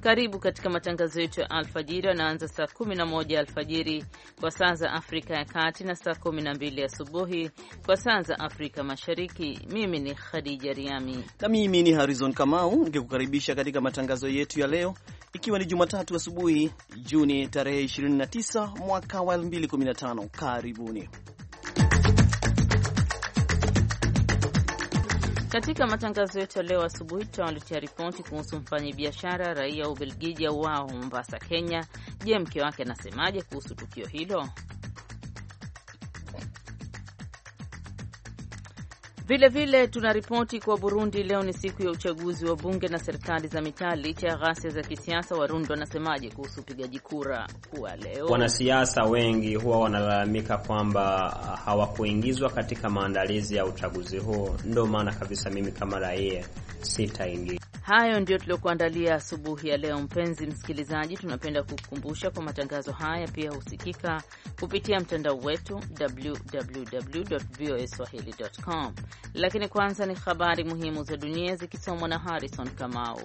Karibu katika matangazo yetu ya alfajiri, yanaanza saa 11 alfajiri kwa saa za Afrika ya Kati na saa 12 asubuhi kwa saa za Afrika Mashariki. Mimi ni Khadija Riami na mimi ni Harrison Kamau nikikukaribisha katika matangazo yetu ya leo, ikiwa ni Jumatatu asubuhi, Juni tarehe 29 mwaka wa 2015. Karibuni. Katika matangazo yetu ya leo asubuhi, tutawaletea ripoti kuhusu mfanyabiashara raia wa Ubelgiji auao Mombasa, Kenya. Je, mke wake anasemaje kuhusu tukio hilo? Vilevile tunaripoti kuwa Burundi leo ni siku ya uchaguzi wa bunge na serikali za mitaa. Licha ya ghasia za kisiasa, Warundi wanasemaje kuhusu upigaji kura kuwa leo? Wanasiasa wengi huwa wanalalamika kwamba ah, hawakuingizwa katika maandalizi ya uchaguzi huo, ndio maana kabisa mimi kama raia sitaingia. Hayo ndio tuliokuandalia asubuhi ya leo. Mpenzi msikilizaji, tunapenda kukukumbusha kwa matangazo haya pia husikika kupitia mtandao wetu www voa swahili com, lakini kwanza ni habari muhimu za dunia zikisomwa na Harrison Kamau.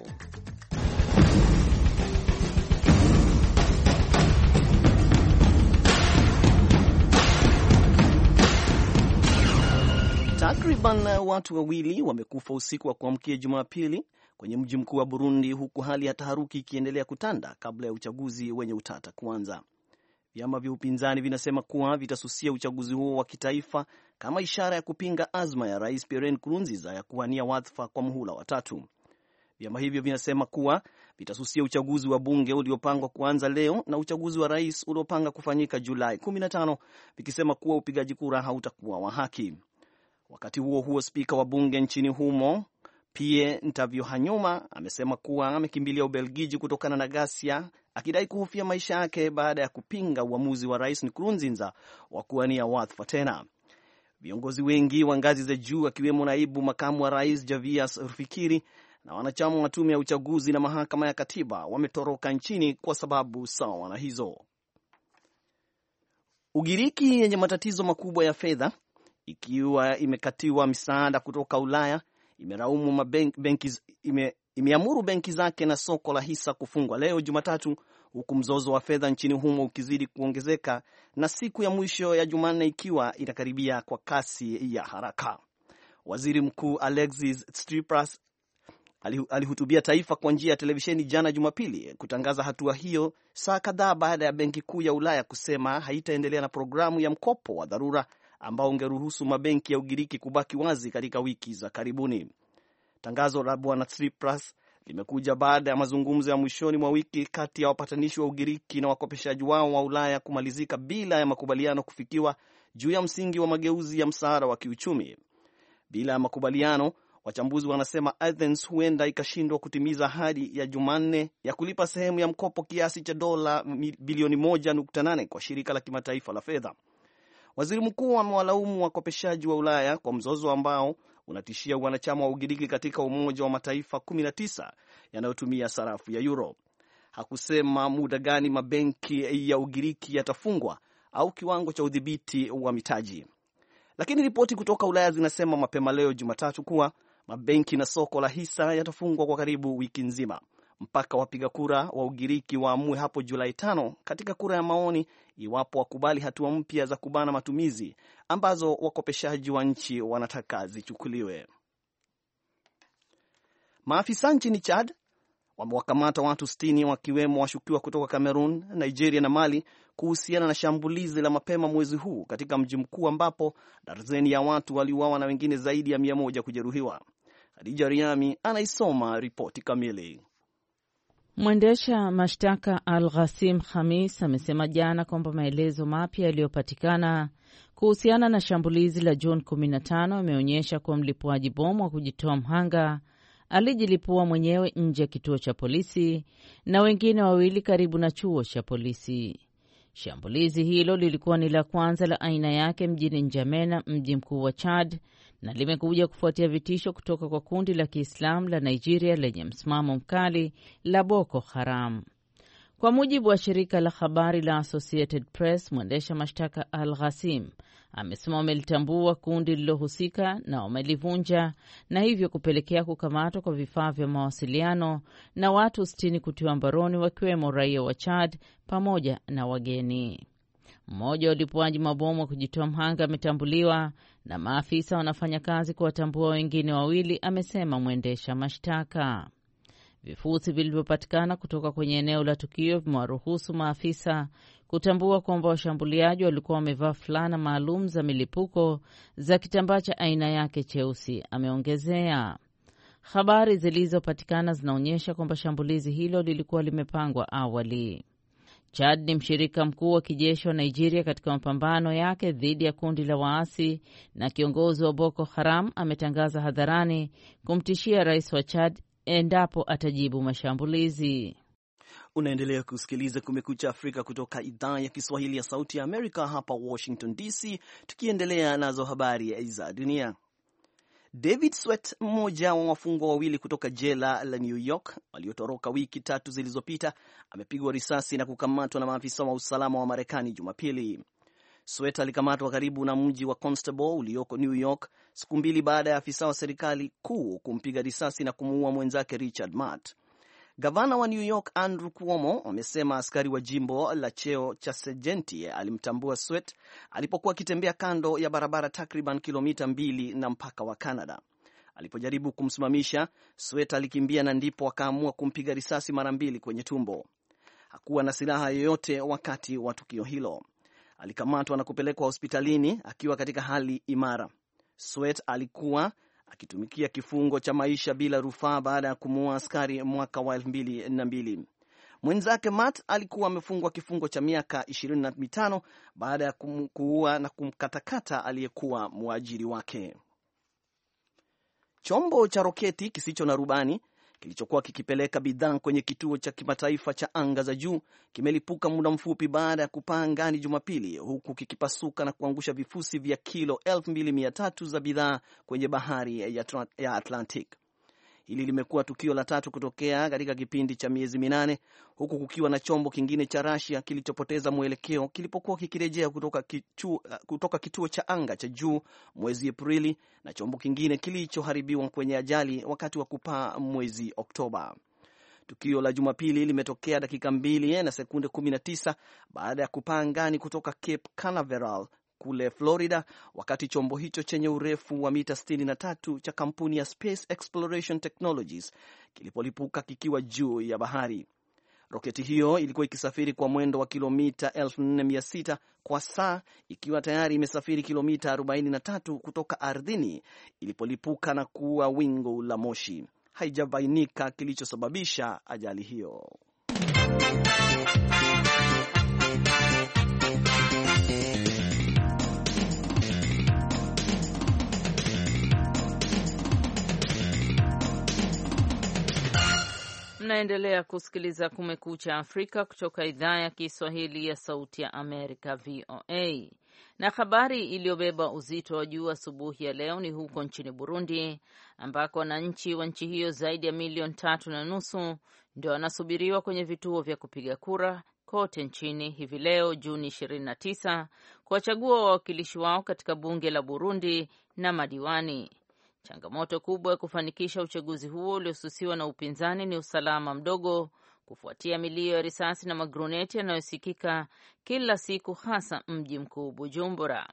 Takriban watu wawili wamekufa usiku wa kuamkia Jumapili kwenye mji mkuu wa Burundi, huku hali ya taharuki ikiendelea kutanda kabla ya uchaguzi wenye utata kuanza. Vyama vya upinzani vinasema kuwa vitasusia uchaguzi huo wa kitaifa kama ishara ya kupinga azma ya Rais Pierre Nkurunziza ya kuwania wadhifa kwa muhula wa tatu. Vyama hivyo vinasema kuwa vitasusia uchaguzi wa bunge uliopangwa kuanza leo na uchaguzi wa rais uliopanga kufanyika Julai 15, vikisema kuwa upigaji kura hautakuwa wa haki. Wakati huo huo, spika wa bunge nchini humo Pie hanyuma amesema kuwa amekimbilia Ubelgiji kutokana na ghasia, akidai kuhofia maisha yake baada ya kupinga uamuzi wa Rais Nkurunziza wa kuwania wadhifa tena. Viongozi wengi wa ngazi za juu akiwemo naibu makamu wa rais Javias Rufikiri na wanachama wa tume ya uchaguzi na mahakama ya katiba wametoroka nchini kwa sababu sawa na hizo. Ugiriki yenye matatizo makubwa ya fedha ikiwa imekatiwa misaada kutoka Ulaya imeraumu mabenki, ime, imeamuru benki zake na soko la hisa kufungwa leo Jumatatu, huku mzozo wa fedha nchini humo ukizidi kuongezeka na siku ya mwisho ya Jumanne ikiwa inakaribia kwa kasi ya haraka. Waziri Mkuu Alexis Tsipras alihutubia taifa kwa njia ya televisheni jana Jumapili kutangaza hatua hiyo, saa kadhaa baada ya benki kuu ya Ulaya kusema haitaendelea na programu ya mkopo wa dharura ambao ungeruhusu mabenki ya Ugiriki kubaki wazi katika wiki za karibuni. Tangazo la Bwana Tsipras limekuja baada ya mazungumzo ya mwishoni mwa wiki kati ya wapatanishi wa Ugiriki na wakopeshaji wao wa Ulaya kumalizika bila ya makubaliano kufikiwa juu ya msingi wa mageuzi ya msaada wa kiuchumi. Bila ya makubaliano, wachambuzi wanasema Athens huenda ikashindwa kutimiza ahadi ya Jumanne ya kulipa sehemu ya mkopo kiasi cha dola bilioni 1.8 kwa shirika la kimataifa la fedha. Waziri mkuu amewalaumu wakopeshaji wa Ulaya kwa mzozo ambao unatishia wanachama wa Ugiriki katika Umoja wa Mataifa 19 yanayotumia sarafu ya euro. Hakusema muda gani mabenki ya Ugiriki yatafungwa au kiwango cha udhibiti wa mitaji, lakini ripoti kutoka Ulaya zinasema mapema leo Jumatatu kuwa mabenki na soko la hisa yatafungwa kwa karibu wiki nzima mpaka wapiga kura wa Ugiriki waamue hapo Julai tano katika kura ya maoni iwapo wakubali hatua mpya za kubana matumizi ambazo wakopeshaji wa nchi wanataka zichukuliwe. Maafisa nchini Chad wamewakamata watu 60 wakiwemo washukiwa kutoka Cameroon, Nigeria na Mali kuhusiana na shambulizi la mapema mwezi huu katika mji mkuu ambapo darzeni ya watu waliuawa na wengine zaidi ya mia moja kujeruhiwa. Hadija Riami anaisoma ripoti kamili. Mwendesha mashtaka Al Ghasim Khamis amesema jana kwamba maelezo mapya yaliyopatikana kuhusiana na shambulizi la Juni 15 ameonyesha kuwa mlipuaji bomu wa kujitoa mhanga alijilipua mwenyewe nje ya kituo cha polisi na wengine wawili karibu na chuo cha polisi. Shambulizi hilo lilikuwa ni la kwanza la aina yake mjini Njamena, mji mkuu wa Chad, na limekuja kufuatia vitisho kutoka kwa kundi la Kiislamu la Nigeria lenye msimamo mkali la Boko Haram. Kwa mujibu wa shirika la habari la Associated Press, mwendesha mashtaka Al Ghasim amesema wamelitambua kundi lililohusika na wamelivunja na hivyo kupelekea kukamatwa kwa vifaa vya mawasiliano na watu 60 kutiwa mbaroni wakiwemo raia wa Chad pamoja na wageni. Mmoja wa ulipuaji mabomu wa kujitoa mhanga ametambuliwa na maafisa wanafanya kazi kuwatambua wengine wawili, amesema mwendesha mashtaka. Vifusi vilivyopatikana kutoka kwenye eneo la tukio vimewaruhusu maafisa kutambua kwamba washambuliaji walikuwa wamevaa fulana maalum za milipuko za kitambaa cha aina yake cheusi, ameongezea. Habari zilizopatikana zinaonyesha kwamba shambulizi hilo lilikuwa limepangwa awali. Chad ni mshirika mkuu wa kijeshi wa Nigeria katika mapambano yake dhidi ya kundi la waasi, na kiongozi wa Boko Haram ametangaza hadharani kumtishia rais wa Chad endapo atajibu mashambulizi. Unaendelea kusikiliza Kumekucha Afrika kutoka idhaa ya Kiswahili ya Sauti ya Amerika hapa Washington DC, tukiendelea nazo habari za dunia. David Sweat, mmoja wa wafungwa wawili kutoka jela la New York waliotoroka wiki tatu zilizopita, amepigwa risasi na kukamatwa na maafisa wa usalama wa Marekani Jumapili. Sweat alikamatwa karibu na mji wa Constable ulioko New York siku mbili baada ya afisa wa serikali kuu kumpiga risasi na kumuua mwenzake Richard Matt. Gavana wa New York Andrew Cuomo amesema askari wa jimbo la cheo cha sejenti alimtambua Swet alipokuwa akitembea kando ya barabara takriban kilomita mbili na mpaka wa Canada. Alipojaribu kumsimamisha, Swet alikimbia na ndipo akaamua kumpiga risasi mara mbili kwenye tumbo. Hakuwa na silaha yoyote wakati wa tukio hilo. Alikamatwa na kupelekwa hospitalini akiwa katika hali imara. Swet alikuwa akitumikia kifungo cha maisha bila rufaa baada ya kumuua askari mwaka wa mbili Mwenzake Matt alikuwa amefungwa kifungo cha miaka 25 baada ya kuua na kumkatakata aliyekuwa mwajiri wake. Chombo cha roketi kisicho na rubani kilichokuwa kikipeleka bidhaa kwenye kituo cha kimataifa cha anga za juu kimelipuka muda mfupi baada ya kupaa angani Jumapili, huku kikipasuka na kuangusha vifusi vya kilo 2300 za bidhaa kwenye bahari ya Atlantic. Hili limekuwa tukio la tatu kutokea katika kipindi cha miezi minane, huku kukiwa na chombo kingine cha Russia kilichopoteza mwelekeo kilipokuwa kikirejea kutoka, kutoka kituo cha anga cha juu mwezi Aprili na chombo kingine kilichoharibiwa kwenye ajali wakati wa kupaa mwezi Oktoba. Tukio la Jumapili limetokea dakika mbili na sekunde 19 baada ya kupaa angani kutoka Cape Canaveral kule Florida, wakati chombo hicho chenye urefu wa mita 63 cha kampuni ya Space Exploration Technologies kilipolipuka kikiwa juu ya bahari. Roketi hiyo ilikuwa ikisafiri kwa mwendo wa kilomita 4600 kwa saa, ikiwa tayari imesafiri kilomita 43 kutoka ardhini ilipolipuka na kuwa wingu la moshi. Haijabainika kilichosababisha ajali hiyo. Mnaendelea kusikiliza Kumekucha Afrika kutoka idhaa ya Kiswahili ya Sauti ya Amerika, VOA. Na habari iliyobeba uzito wa juu asubuhi ya leo ni huko nchini Burundi, ambako wananchi wa nchi hiyo zaidi ya milioni tatu na nusu ndio wanasubiriwa kwenye vituo vya kupiga kura kote nchini hivi leo Juni 29 kuwachagua wawakilishi wao katika bunge la Burundi na madiwani. Changamoto kubwa ya kufanikisha uchaguzi huo uliosusiwa na upinzani ni usalama mdogo, kufuatia milio ya risasi na magruneti yanayosikika kila siku, hasa mji mkuu Bujumbura.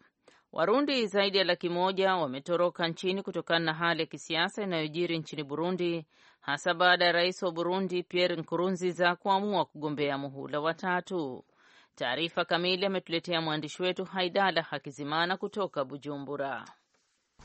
Warundi zaidi ya laki moja wametoroka nchini kutokana na hali ya kisiasa inayojiri nchini Burundi, hasa baada ya rais wa Burundi Pierre Nkurunziza kuamua kugombea muhula wa tatu. Taarifa kamili ametuletea mwandishi wetu Haidala Hakizimana kutoka Bujumbura.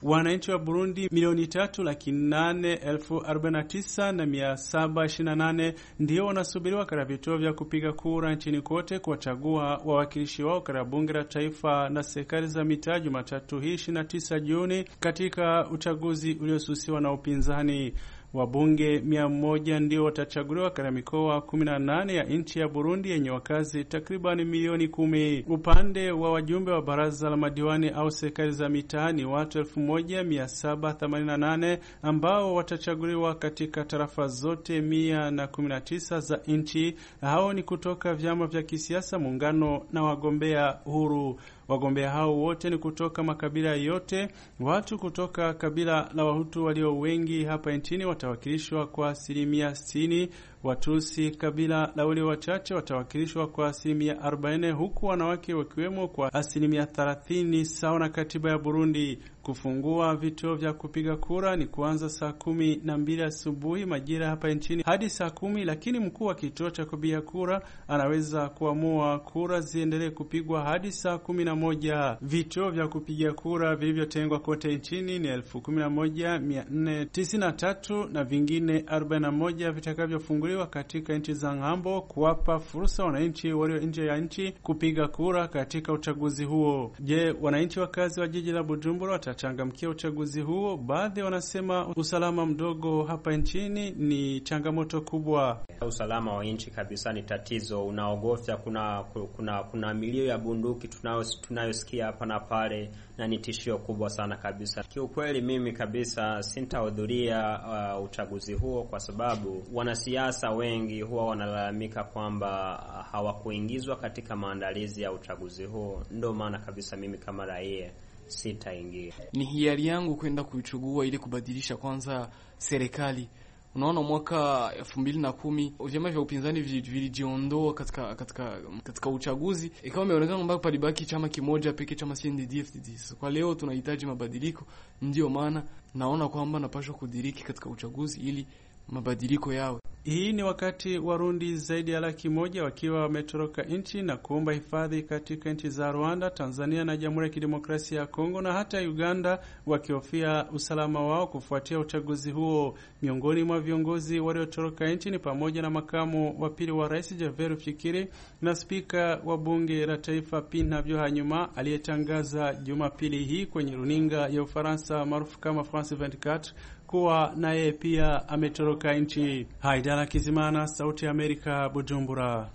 Wananchi wa Burundi milioni tatu laki nane elfu arobaini na tisa na mia saba ishirini na nane ndio wanasubiriwa katika vituo vya kupiga kura nchini kote kuwachagua wawakilishi wao katika bunge la taifa na serikali za mitaa Jumatatu hii 29 Juni katika uchaguzi uliosusiwa na upinzani. Wabunge mia moja ndio watachaguliwa katika mikoa 18 ya nchi ya Burundi yenye wakazi takriban milioni kumi. Upande wa wajumbe wa baraza la madiwani au serikali za mitaa ni watu 1788 ambao watachaguliwa katika tarafa zote 119 za nchi. Hao ni kutoka vyama vya kisiasa, muungano na wagombea huru. Wagombea hao wote ni kutoka makabila yote. Watu kutoka kabila la Wahutu walio wengi hapa nchini watawakilishwa kwa asilimia 60 Watusi kabila la walio wachache watawakilishwa kwa asilimia 40 huku wanawake wakiwemo kwa asilimia 30 sawa na katiba ya Burundi. Kufungua vituo vya kupiga kura ni kuanza saa kumi na mbili asubuhi majira hapa nchini hadi saa kumi, lakini mkuu wa kituo cha kupiga kura anaweza kuamua kura ziendelee kupigwa hadi saa kumi na moja. Vituo vya kupiga kura vilivyotengwa kote nchini ni elfu kumi na moja mia nne tisini na tatu na vingine 41 vitakavyofunguliwa kutolewa katika nchi za ng'ambo kuwapa fursa wananchi walio nje ya nchi kupiga kura katika uchaguzi huo. Je, wananchi wakazi wa jiji la Bujumbura watachangamkia uchaguzi huo? Baadhi wanasema usalama mdogo hapa nchini ni changamoto kubwa. Usalama wa nchi kabisa ni tatizo, unaogofya. Kuna kuna kuna milio ya bunduki tunayosikia hapa na pale, na ni tishio kubwa sana kabisa. Kiukweli mimi kabisa sintahudhuria uh, uchaguzi huo kwa sababu wanasiasa Wanasiasa wengi huwa wanalalamika kwamba ah, hawakuingizwa katika maandalizi ya uchaguzi huo. Ndio maana kabisa mimi kama raia sitaingia, ni hiari yangu kwenda kuichugua ili kubadilisha kwanza serikali. Unaona, mwaka elfu mbili na kumi vyama vya upinzani vilijiondoa katika katika katika uchaguzi, ikawa imeonekana kwamba palibaki chama kimoja pekee, chama CNDD-FDD. Kwa leo tunahitaji mabadiliko, ndiyo maana naona kwamba napashwa kudiriki katika uchaguzi ili mabadiliko yawe hii ni wakati Warundi zaidi ya laki moja wakiwa wametoroka nchi na kuomba hifadhi katika nchi za Rwanda, Tanzania na Jamhuri ya Kidemokrasia ya Kongo na hata Uganda, wakihofia usalama wao kufuatia uchaguzi huo. Miongoni mwa viongozi waliotoroka nchi ni pamoja na makamu wa pili wa rais javer Fikiri na spika wa bunge la taifa Pinavyo Hanyuma aliyetangaza Jumapili hii kwenye runinga ya Ufaransa maarufu kama France 24 kuwa naye pia ametoroka nchi. Haidara Kizimana, Sauti ya Amerika, Bujumbura.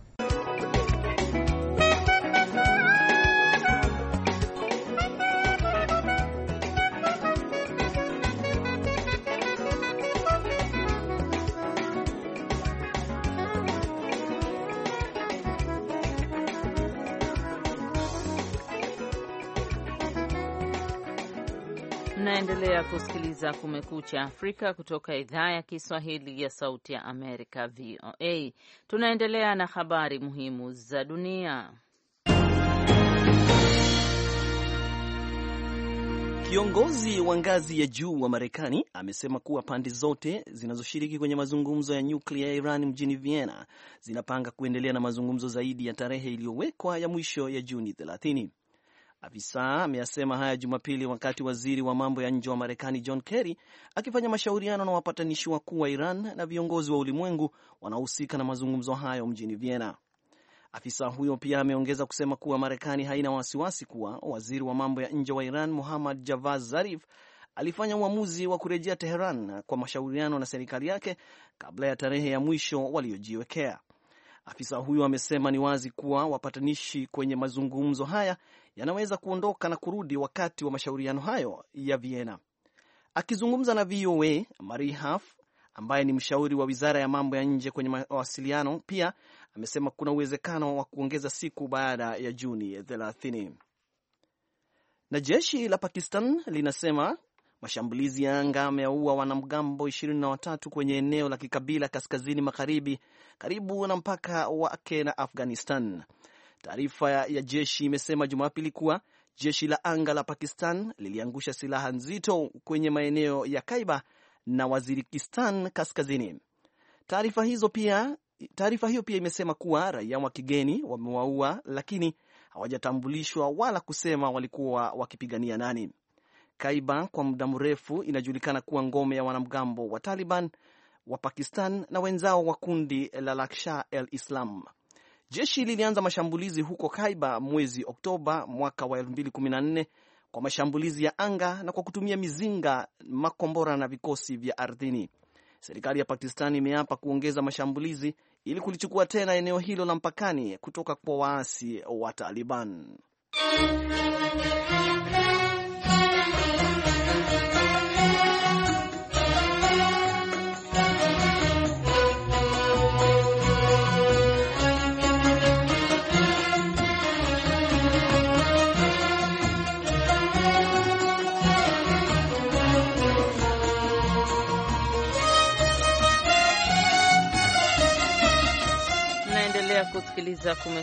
kusikiliza Kumekucha Afrika kutoka idhaa ya Kiswahili ya Sauti ya Amerika, VOA. Tunaendelea na habari muhimu za dunia. Kiongozi wa ngazi ya juu wa Marekani amesema kuwa pande zote zinazoshiriki kwenye mazungumzo ya nyuklia ya Iran mjini Vienna zinapanga kuendelea na mazungumzo zaidi ya tarehe iliyowekwa ya mwisho ya Juni 30. Afisa ameyasema haya Jumapili wakati waziri wa mambo ya nje wa Marekani John Kerry akifanya mashauriano na wapatanishi wakuu wa Iran na viongozi wa ulimwengu wanaohusika na mazungumzo hayo mjini Vienna. Afisa huyo pia ameongeza kusema kuwa Marekani haina wasiwasi kuwa waziri wa mambo ya nje wa Iran Muhammad Javad Zarif alifanya uamuzi wa kurejea Teheran kwa mashauriano na serikali yake kabla ya tarehe ya mwisho waliojiwekea. Afisa huyo amesema ni wazi kuwa wapatanishi kwenye mazungumzo haya yanaweza kuondoka na kurudi wakati wa mashauriano hayo ya Vienna. Akizungumza na VOA, Marie haf ambaye ni mshauri wa wizara ya mambo ya nje kwenye mawasiliano, pia amesema kuna uwezekano wa kuongeza siku baada ya Juni 30. Na jeshi la Pakistan linasema Mashambulizi ya anga yameua wanamgambo 23 watatu kwenye eneo la kikabila kaskazini magharibi karibu na mpaka wake na Afghanistan. Taarifa ya jeshi imesema Jumapili kuwa jeshi la anga la Pakistan liliangusha silaha nzito kwenye maeneo ya Kaiba na Wazirikistan kaskazini. Taarifa hizo pia taarifa hiyo pia imesema kuwa raia wa kigeni wamewaua, lakini hawajatambulishwa wala kusema walikuwa wakipigania nani. Kaiba kwa muda mrefu inajulikana kuwa ngome ya wanamgambo wa Taliban wa Pakistan na wenzao wa kundi la Lakhsha el Islam. Jeshi lilianza mashambulizi huko Kaiba mwezi Oktoba mwaka wa 2014 kwa mashambulizi ya anga na kwa kutumia mizinga, makombora na vikosi vya ardhini. Serikali ya Pakistan imeapa kuongeza mashambulizi ili kulichukua tena eneo hilo la mpakani kutoka kwa waasi wa Taliban.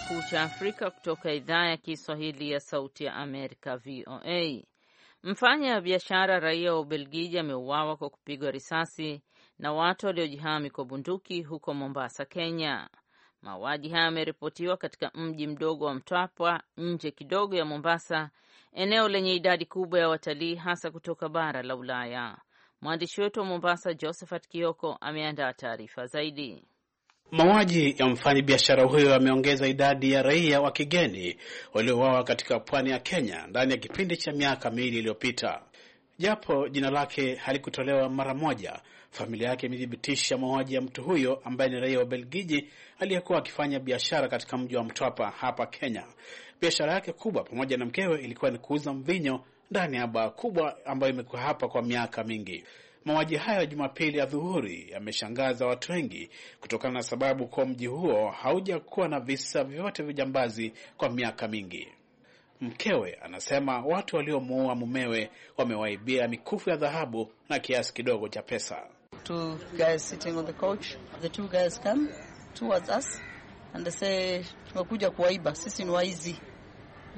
Kumekucha Afrika kutoka idhaa ya Kiswahili ya Sauti ya Amerika, VOA. Mfanya biashara raia wa Ubelgiji ameuawa kwa kupigwa risasi na watu waliojihami kwa bunduki huko Mombasa, Kenya. Mauaji haya yameripotiwa katika mji mdogo wa Mtwapa, nje kidogo ya Mombasa, eneo lenye idadi kubwa ya watalii hasa kutoka bara la Ulaya. Mwandishi wetu wa Mombasa, Josephat Kioko, ameandaa taarifa zaidi. Mauaji ya mfanyabiashara huyo yameongeza idadi ya raia wa kigeni waliouawa katika pwani ya Kenya ndani ya kipindi cha miaka miwili iliyopita. Japo jina lake halikutolewa mara moja, familia yake imethibitisha mauaji ya mtu huyo ambaye ni raia wa Belgiji aliyekuwa akifanya biashara katika mji wa Mtwapa hapa Kenya. Biashara yake kubwa pamoja na mkewe ilikuwa ni kuuza mvinyo ndani ya baa kubwa ambayo imekuwa hapa kwa miaka mingi. Mauaji hayo ya Jumapili ya dhuhuri yameshangaza watu wengi kutokana na sababu kuwa mji huo haujakuwa na visa vyote jambazi kwa miaka mingi. Mkewe anasema watu waliomuua mumewe wamewaibia mikufu ya dhahabu na kiasi kidogo cha pesa. Tumekuja kuwaiba, sisi ni waizi,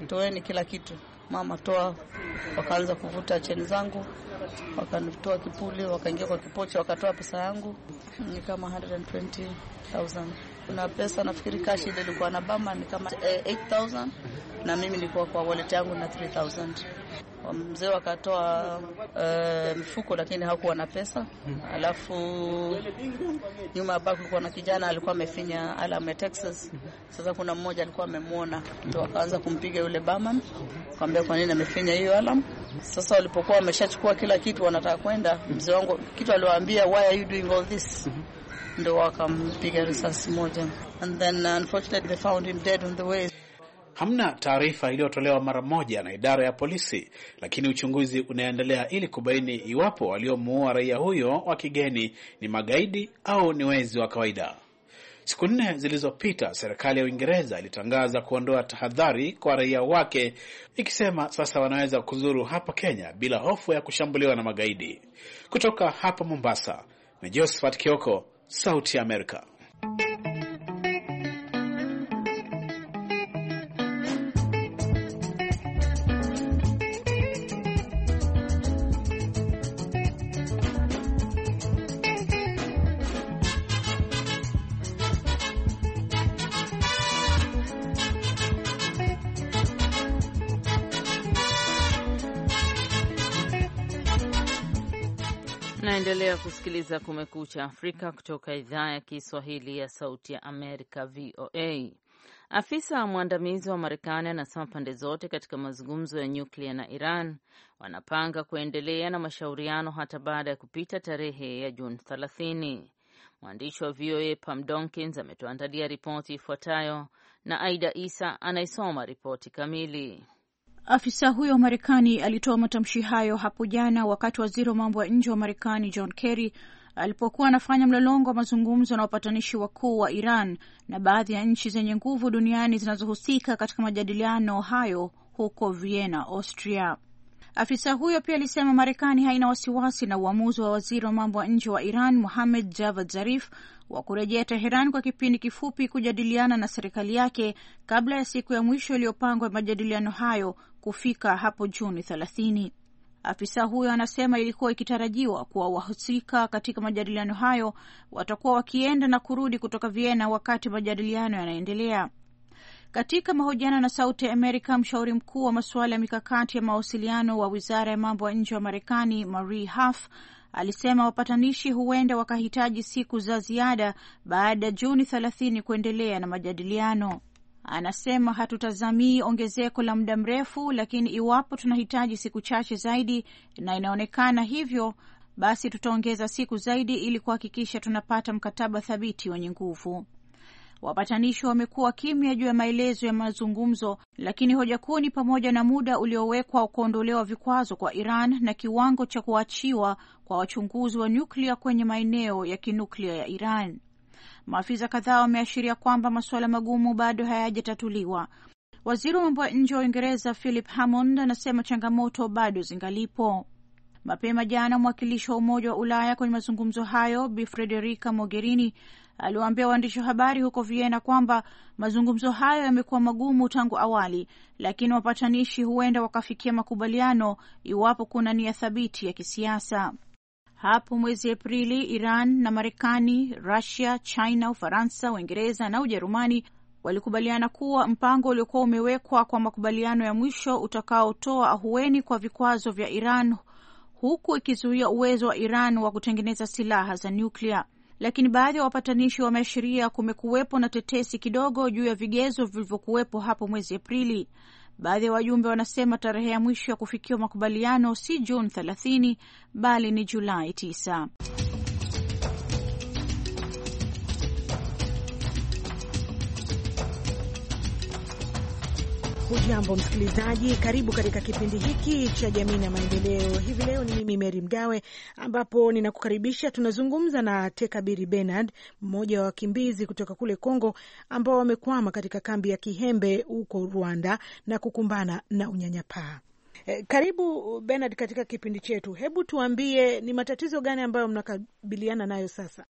toeni kila kitu mama toa, wakaanza kuvuta cheni zangu, wakanitoa kipuli, wakaingia kwa kipochi, wakatoa pesa yangu ni kama 120,000 kuna pesa nafikiri cash ile ilikuwa na bama ni kama 8,000 eh, na mimi nilikuwa kwa wallet yangu na 3,000 mzee wakatoa uh, mfuko, lakini hakuwa na pesa. Alafu nyuma hapa kulikuwa na kijana alikuwa amefinya alama Texas. Sasa kuna mmoja alikuwa amemwona, ndio akaanza kumpiga yule bama, akamwambia kwa nini amefinya hiyo alama. Sasa walipokuwa wameshachukua kila kitu, wanataka kwenda, mzee wangu kitu aliwaambia, why are you doing all this ndo wakampiga risasi moja, and then unfortunately they found him dead on the way hamna taarifa iliyotolewa mara moja na idara ya polisi, lakini uchunguzi unaendelea ili kubaini iwapo waliomuua raia huyo wa kigeni ni magaidi au ni wezi wa kawaida. Siku nne zilizopita serikali ya Uingereza ilitangaza kuondoa tahadhari kwa raia wake, ikisema sasa wanaweza kuzuru hapa Kenya bila hofu ya kushambuliwa na magaidi. Kutoka hapa Mombasa ni Josephat Kioko, Sauti ya Amerika. unasikiliza Kumekucha Afrika kutoka idhaa ya Kiswahili ya Sauti ya Amerika, VOA. Afisa mwandamizi wa Marekani anasema pande zote katika mazungumzo ya nyuklia na Iran wanapanga kuendelea na mashauriano hata baada ya kupita tarehe ya Juni 30. Mwandishi wa VOA Pam Donkins ametuandalia ripoti ifuatayo na Aida Isa anaisoma ripoti kamili. Afisa huyo wa Marekani alitoa matamshi hayo hapo jana wakati waziri wa mambo ya nje wa Marekani John Kerry alipokuwa anafanya mlolongo wa mazungumzo na wapatanishi wakuu wa Iran na baadhi ya nchi zenye nguvu duniani zinazohusika katika majadiliano hayo huko Vienna, Austria. Afisa huyo pia alisema Marekani haina wasiwasi na uamuzi wa waziri wa mambo ya nje wa Iran Mohamed Javad Zarif wa kurejea Teheran kwa kipindi kifupi kujadiliana na serikali yake kabla ya siku ya mwisho iliyopangwa majadiliano hayo kufika hapo Juni 30. Afisa huyo anasema ilikuwa ikitarajiwa kuwa wahusika katika majadiliano hayo watakuwa wakienda na kurudi kutoka Vienna wakati majadiliano yanaendelea. Katika mahojiano na Sauti ya Amerika, mshauri mkuu wa masuala ya mikakati ya mawasiliano wa wizara ya mambo ya nje wa Marekani, Marie Harf, alisema wapatanishi huenda wakahitaji siku za ziada baada ya Juni 30 kuendelea na majadiliano. Anasema hatutazamii ongezeko la muda mrefu, lakini iwapo tunahitaji siku chache zaidi na inaonekana hivyo, basi tutaongeza siku zaidi ili kuhakikisha tunapata mkataba thabiti wenye nguvu. Wapatanishi wamekuwa kimya juu ya maelezo ya mazungumzo, lakini hoja kuu ni pamoja na muda uliowekwa wa kuondolewa vikwazo kwa Iran na kiwango cha kuachiwa kwa wachunguzi wa nyuklia kwenye maeneo ya kinuklia ya Iran. Maafisa kadhaa wameashiria kwamba masuala magumu bado hayajatatuliwa. Waziri wa mambo ya nje wa Uingereza Philip Hammond anasema changamoto bado zingalipo. Mapema jana, mwakilishi wa Umoja wa Ulaya kwenye mazungumzo hayo Bi Frederica Mogherini aliwaambia waandishi wa habari huko Vienna kwamba mazungumzo hayo yamekuwa magumu tangu awali, lakini wapatanishi huenda wakafikia makubaliano iwapo kuna nia thabiti ya kisiasa hapo mwezi Aprili, Iran na Marekani, Rusia, China, Ufaransa, Uingereza na Ujerumani walikubaliana kuwa mpango uliokuwa umewekwa kwa makubaliano ya mwisho utakaotoa ahueni kwa vikwazo vya Iran huku ikizuia uwezo wa Iran wa kutengeneza silaha za nyuklia. Lakini baadhi ya wapatanishi wameashiria kumekuwepo na tetesi kidogo juu ya vigezo vilivyokuwepo hapo mwezi Aprili. Baadhi ya wajumbe wanasema tarehe ya mwisho ya kufikiwa makubaliano si Juni 30 bali ni Julai 9. Hujambo msikilizaji, karibu katika kipindi hiki cha jamii na maendeleo. Hivi leo ni mimi Meri Mgawe, ambapo ninakukaribisha. Tunazungumza na Tekabiri Bernard, mmoja wa wakimbizi kutoka kule Kongo ambao wamekwama katika kambi ya Kihembe huko Rwanda na kukumbana na unyanyapaa. Eh, karibu Bernard katika kipindi chetu. Hebu tuambie ni matatizo gani ambayo mnakabiliana nayo sasa?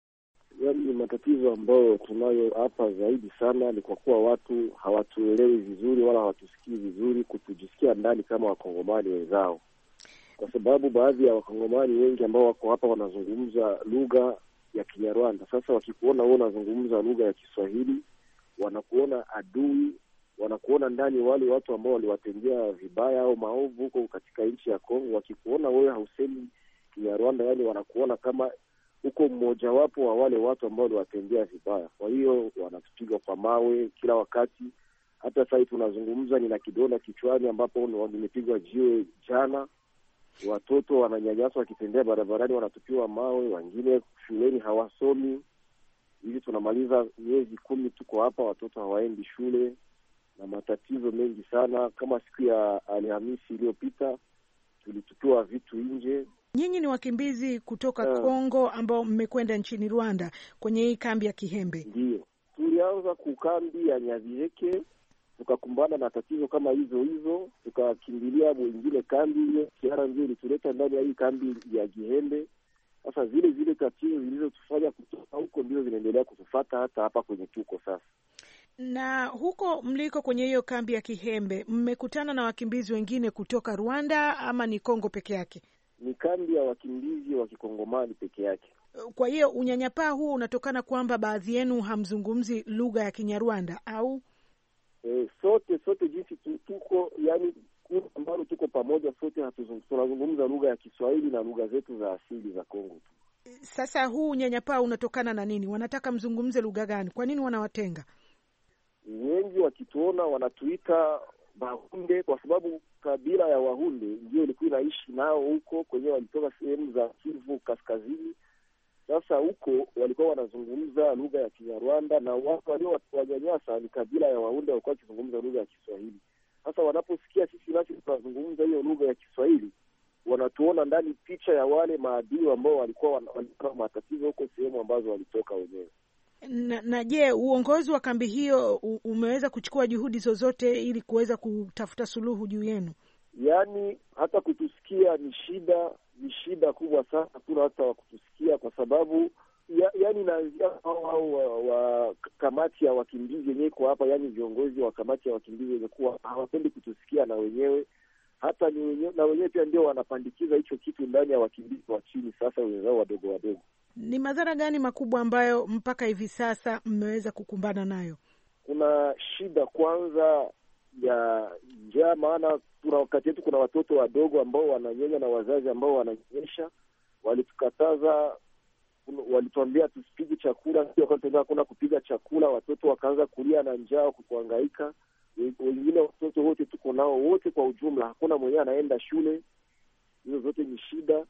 yani matatizo ambayo tunayo hapa zaidi sana ni kwa kuwa watu hawatuelewi vizuri wala hawatusikii vizuri, kutujisikia ndani kama wakongomani wenzao, kwa sababu baadhi ya wakongomani wengi ambao wako hapa wanazungumza lugha ya Kinyarwanda. Sasa wakikuona wewe unazungumza lugha ya Kiswahili, wanakuona adui, wanakuona ndani wale watu ambao waliwatendea vibaya au maovu huko katika nchi ya Kongo. Wakikuona wewe hausemi Kinyarwanda, yani wanakuona kama huko mmojawapo wa wale watu ambao waliwatendea vibaya. Kwa hiyo wanapigwa kwa mawe kila wakati, hata sahii tunazungumza nina kidonda kichwani ambapo nimepigwa jiwe jana. Watoto wananyanyaswa wakitembea barabarani, wanatupiwa mawe, wengine shuleni hawasomi. Hivi tunamaliza miezi kumi tuko hapa, watoto hawaendi shule na matatizo mengi sana. Kama siku ya Alhamisi iliyopita tulitupiwa vitu nje Nyinyi ni wakimbizi kutoka yeah, Kongo ambao mmekwenda nchini Rwanda kwenye hii kambi ya Kihembe. Ndiyo tulianza kukambi ya nyavieke tukakumbana na tatizo kama hizo hizo, tukakimbilia mwingine kambi. Hiyo kiara ndio ilituleta ndani ya hii kambi ya Kihembe. Sasa zile zile tatizo zilizotufanya kutoka huko ndio zinaendelea kutufata hata hapa kwenye tuko sasa. Na huko mliko kwenye hiyo kambi ya Kihembe, mmekutana na wakimbizi wengine kutoka Rwanda ama ni Kongo peke yake? ni kambi ya wakimbizi wa kikongomani peke yake. Kwa hiyo unyanyapaa huo unatokana kwamba baadhi yenu hamzungumzi lugha ya Kinyarwanda au e, sote sote jinsi tuko yani kundi ambalo tuko pamoja sote tunazungumza lugha ya Kiswahili na lugha zetu za asili za Kongo tu. Sasa huu unyanyapaa unatokana na nini? Wanataka mzungumze lugha gani? Kwa nini wanawatenga? Wengi wakituona wanatuita Bahunde kwa sababu kabila ya Wahunde ndio ilikuwa inaishi nao huko kwenyewe, walitoka sehemu za Kivu Kaskazini. Sasa huko walikuwa wanazungumza lugha ya Kinyarwanda na watu wanyanyasa ni kabila ya Wahunde, walikuwa wakizungumza lugha ya Kiswahili. Sasa wanaposikia sisi nasi tunazungumza hiyo lugha ya Kiswahili, wanatuona ndani picha ya wale maadili ambao walikuwa wana matatizo huko sehemu ambazo walitoka wenyewe na, na je, uongozi wa kambi hiyo umeweza kuchukua juhudi zozote ili kuweza kutafuta suluhu juu yenu? Yaani hata kutusikia ni shida, ni shida kubwa sana, hakuna hata wa kutusikia kwa sababu ya, yani naanzia hao wa kamati ya wakimbizi wenyewe kwa hapa, yani viongozi wa kamati ya wakimbizi wenye kuwa hawapendi kutusikia na wenyewe hata ni wenyewe, na wenyewe pia ndio wanapandikiza hicho kitu ndani ya wakimbizi wa chini, sasa wenzao wadogo wadogo ni madhara gani makubwa ambayo mpaka hivi sasa mmeweza kukumbana nayo? Kuna shida kwanza ya njaa, maana tuna wakati yetu kuna watoto wadogo ambao wananyonya na wazazi ambao wananyonyesha, walitukataza walituambia tusipige chakula, hakuna kupiga chakula. Watoto wakaanza kulia na njaa, kukuangaika. Wengine watoto wote tuko nao wote kwa ujumla, hakuna mwenyewe anaenda shule. Hizo zote ni shida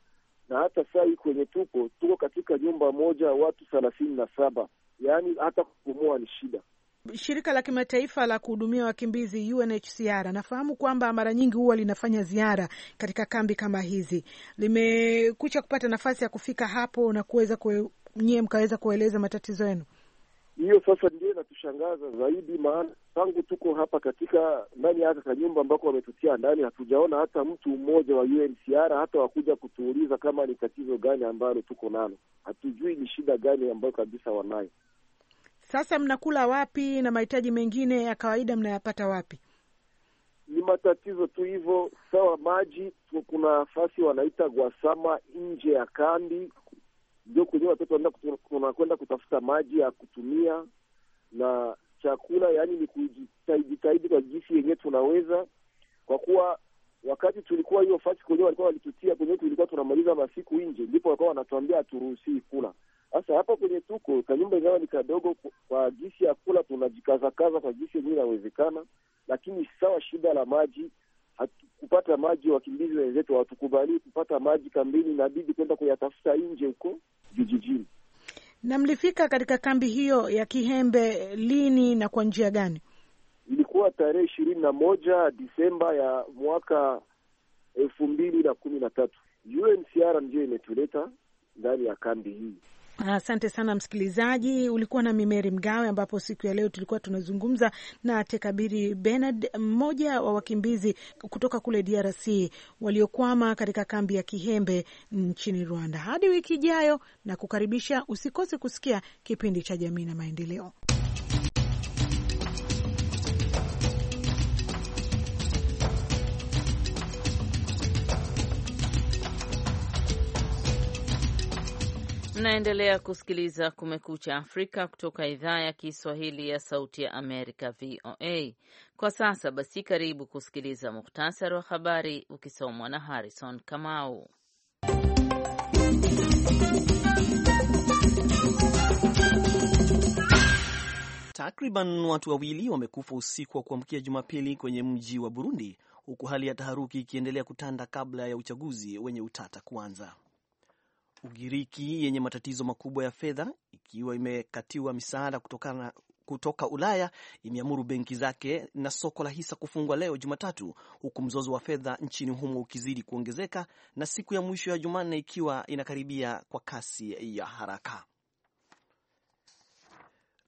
na hata saa hii kwenye tuko tuko katika nyumba moja watu thelathini na saba, yaani hata kupumua ni shida. Shirika la kimataifa la kuhudumia wakimbizi UNHCR, nafahamu kwamba mara nyingi huwa linafanya ziara katika kambi kama hizi, limekucha kupata nafasi ya kufika hapo na kuweza nyie mkaweza kueleza matatizo yenu? Hiyo sasa ndio inatushangaza zaidi, maana tangu tuko hapa katika ndani ya kanyumba ambako wametutia ndani, hatujaona hata mtu mmoja wa UNHCR hata wakuja kutuuliza kama ni tatizo gani ambalo tuko nalo. Hatujui ni shida gani ambayo kabisa wanayo. Sasa mnakula wapi na mahitaji mengine ya kawaida mnayapata wapi? Ni matatizo tu hivyo. Sawa, maji, kuna nafasi wanaita gwasama nje ya kambi ndio kwenyewe watoto wanakwenda kutafuta maji ya kutumia na chakula, yaani ni kujitahidi kwa jinsi yenyewe tunaweza, kwa kuwa wakati tulikuwa hiyo fasi kwenyewe walikuwa walitutia kwenyewe, tulikuwa tunamaliza masiku nje, ndipo walikuwa wanatuambia haturuhusii kula. Sasa hapa kwenye tuko kanyumba ingawa ni kadogo kwa jinsi ya kula, tunajikazakaza kwa jinsi yenyewe inawezekana, lakini sawa, shida la maji kupata maji, wakimbizi wenzetu hawatukubalii kupata maji kambini, inabidi kwenda kuyatafuta nje huko vijijini. Na mlifika katika kambi hiyo ya Kihembe lini na kwa njia gani? Ilikuwa tarehe ishirini na moja Disemba ya mwaka elfu mbili na kumi na tatu. UNHCR ndiyo imetuleta ndani ya kambi hii. Asante sana msikilizaji, ulikuwa na Mimeri Mgawe, ambapo siku ya leo tulikuwa tunazungumza na Tekabiri Benard, mmoja wa wakimbizi kutoka kule DRC waliokwama katika kambi ya Kihembe nchini Rwanda. Hadi wiki ijayo, na kukaribisha usikose kusikia kipindi cha Jamii na Maendeleo. Mnaendelea kusikiliza Kumekucha Afrika kutoka idhaa ya Kiswahili ya Sauti ya Amerika, VOA. Kwa sasa basi, karibu kusikiliza muhtasari wa habari ukisomwa na Harrison Kamau. Takriban watu wawili wamekufa usiku wa kuamkia Jumapili kwenye mji wa Burundi, huku hali ya taharuki ikiendelea kutanda kabla ya uchaguzi wenye utata kuanza. Ugiriki yenye matatizo makubwa ya fedha ikiwa imekatiwa misaada kutokana kutoka Ulaya imeamuru benki zake na soko la hisa kufungwa leo Jumatatu, huku mzozo wa fedha nchini humo ukizidi kuongezeka na siku ya mwisho ya Jumanne ikiwa inakaribia kwa kasi ya haraka.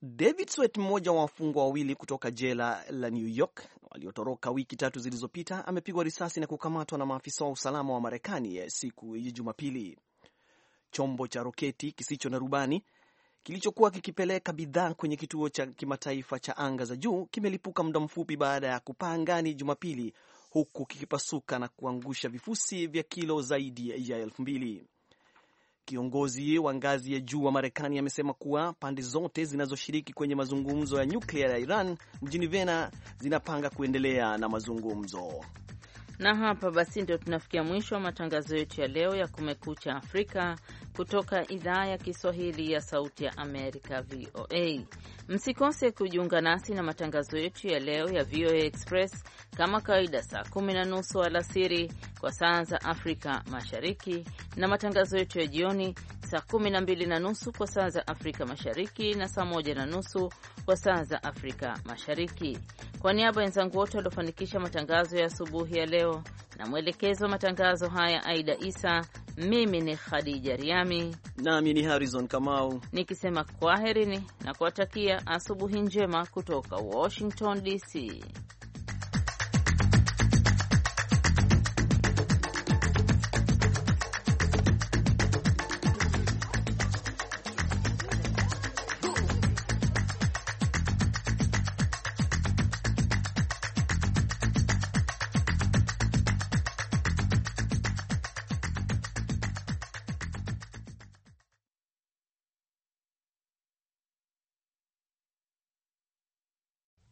David Swett, mmoja wa wafungwa wawili kutoka jela la New York waliotoroka wiki tatu zilizopita, amepigwa risasi na kukamatwa na maafisa wa usalama wa Marekani siku ya Jumapili chombo cha roketi kisicho na rubani kilichokuwa kikipeleka bidhaa kwenye kituo cha kimataifa cha anga za juu kimelipuka muda mfupi baada ya kupaa angani Jumapili, huku kikipasuka na kuangusha vifusi vya kilo zaidi ya elfu mbili. Kiongozi wa ngazi ya juu wa Marekani amesema kuwa pande zote zinazoshiriki kwenye mazungumzo ya nyuklia ya Iran mjini Vienna zinapanga kuendelea na mazungumzo. Na hapa basi ndio tunafikia mwisho wa matangazo yetu ya leo ya Kumekucha Afrika kutoka idhaa ya Kiswahili ya Sauti ya Amerika, VOA. Msikose kujiunga nasi na matangazo yetu ya leo ya VOA Express kama kawaida, saa kumi na nusu alasiri kwa saa za Afrika Mashariki, na matangazo yetu ya jioni saa kumi na mbili na nusu kwa saa za Afrika Mashariki na saa moja na nusu kwa saa za Afrika Mashariki. Kwa niaba ya wenzangu wote waliofanikisha matangazo ya asubuhi ya leo leo na mwelekezo wa matangazo haya Aida Isa. Mimi ni Khadija Riami nami ni Harrison Kamau nikisema kwaherini na kuwatakia asubuhi njema kutoka Washington DC.